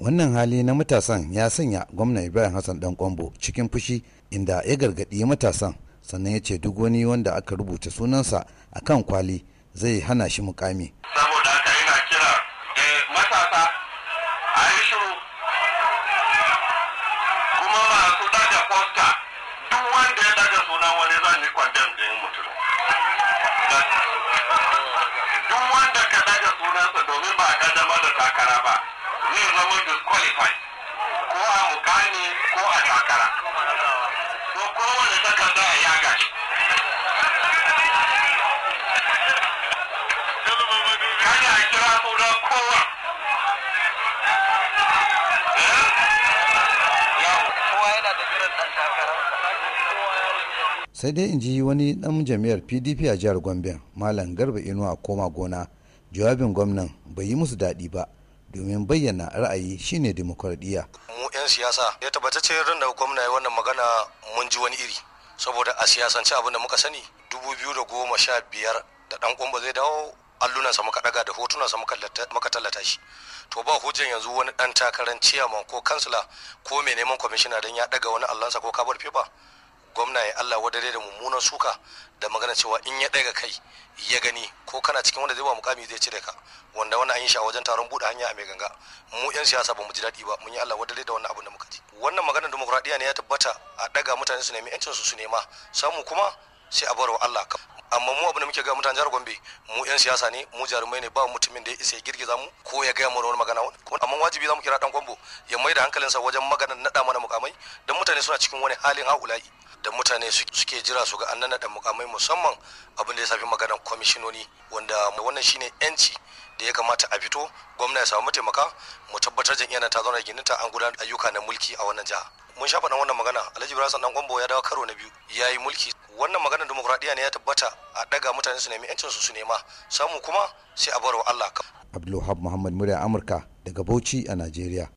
wannan hali na matasan ya sanya gwamna ibrahim hassan dan kwambo cikin fushi inda ya gargaɗi matasan sannan ya ce duk wani wanda aka rubuta sunansa a kan kwali zai hana shi mukami saboda haka yana kira matasa a yi shiru zai zama da disqualified ko a mukami ko a takara ko kowane takarda a yaga shi kada a kira sauran kowa eh? sai dai in ji wani dan jami'ar pdp a jihar gombe malam garba inuwa koma gona jawabin gwamnan bai yi musu daɗi ba domin bayyana ra'ayi shine demokradiyya. mu 'yan siyasa ya tabbata ce da gwamna ya wannan magana mun ji wani iri saboda a siyasance abin da muka sani dubu biyu da goma sha biyar da ɗan kumba zai dawo allunansa muka daga da hotunansa muka tallata shi to ba hujjan yanzu wani dan takarar ciyaman ko kansila ko mai neman kwamishina don ya daga wani allansa ko kabar fefa. kakkausar suka da magana cewa in ya ɗaga kai ya gani ko kana cikin wanda zai ba mukami zai cire ka wanda wani an yi shi wajen taron buɗe hanya a mai ganga mu yan siyasa ba mu ji daɗi ba mun yi Allah wadare da wannan abin da muka ji wannan maganar demokradiya ne ya tabbata a ɗaga mutane su nemi yancin su su nema samu kuma sai a barwa Allah amma mu abin da muke ga mutanen jihar Gombe mu yan siyasa ne mu jarumai ne ba mutumin da ya isa ya girgiza mu ko ya gaya mana wani magana amma wajibi za mu kira dan Gombo ya maida da hankalinsa wajen maganar naɗa mana mukamai don mutane suna cikin wani halin haula'i da mutane suke jira su ga an nanada mukamai musamman abin da ya safi maganar kwamishinoni wanda wannan shine yanci da ya kamata a fito gwamna ya samu mataimaka mu tabbatar yana ta zauna gininta an gudanar ayyuka na mulki a wannan jiha mun sha faɗan wannan magana alhaji ibrahim dan gombo ya dawo karo na biyu ya yi mulki wannan maganar demokuraɗiyya ne ya tabbata a daga mutane su nemi yancin su su nema samu kuma sai a bar wa allah abdulwahab muhammad murya amurka daga bauchi a najeriya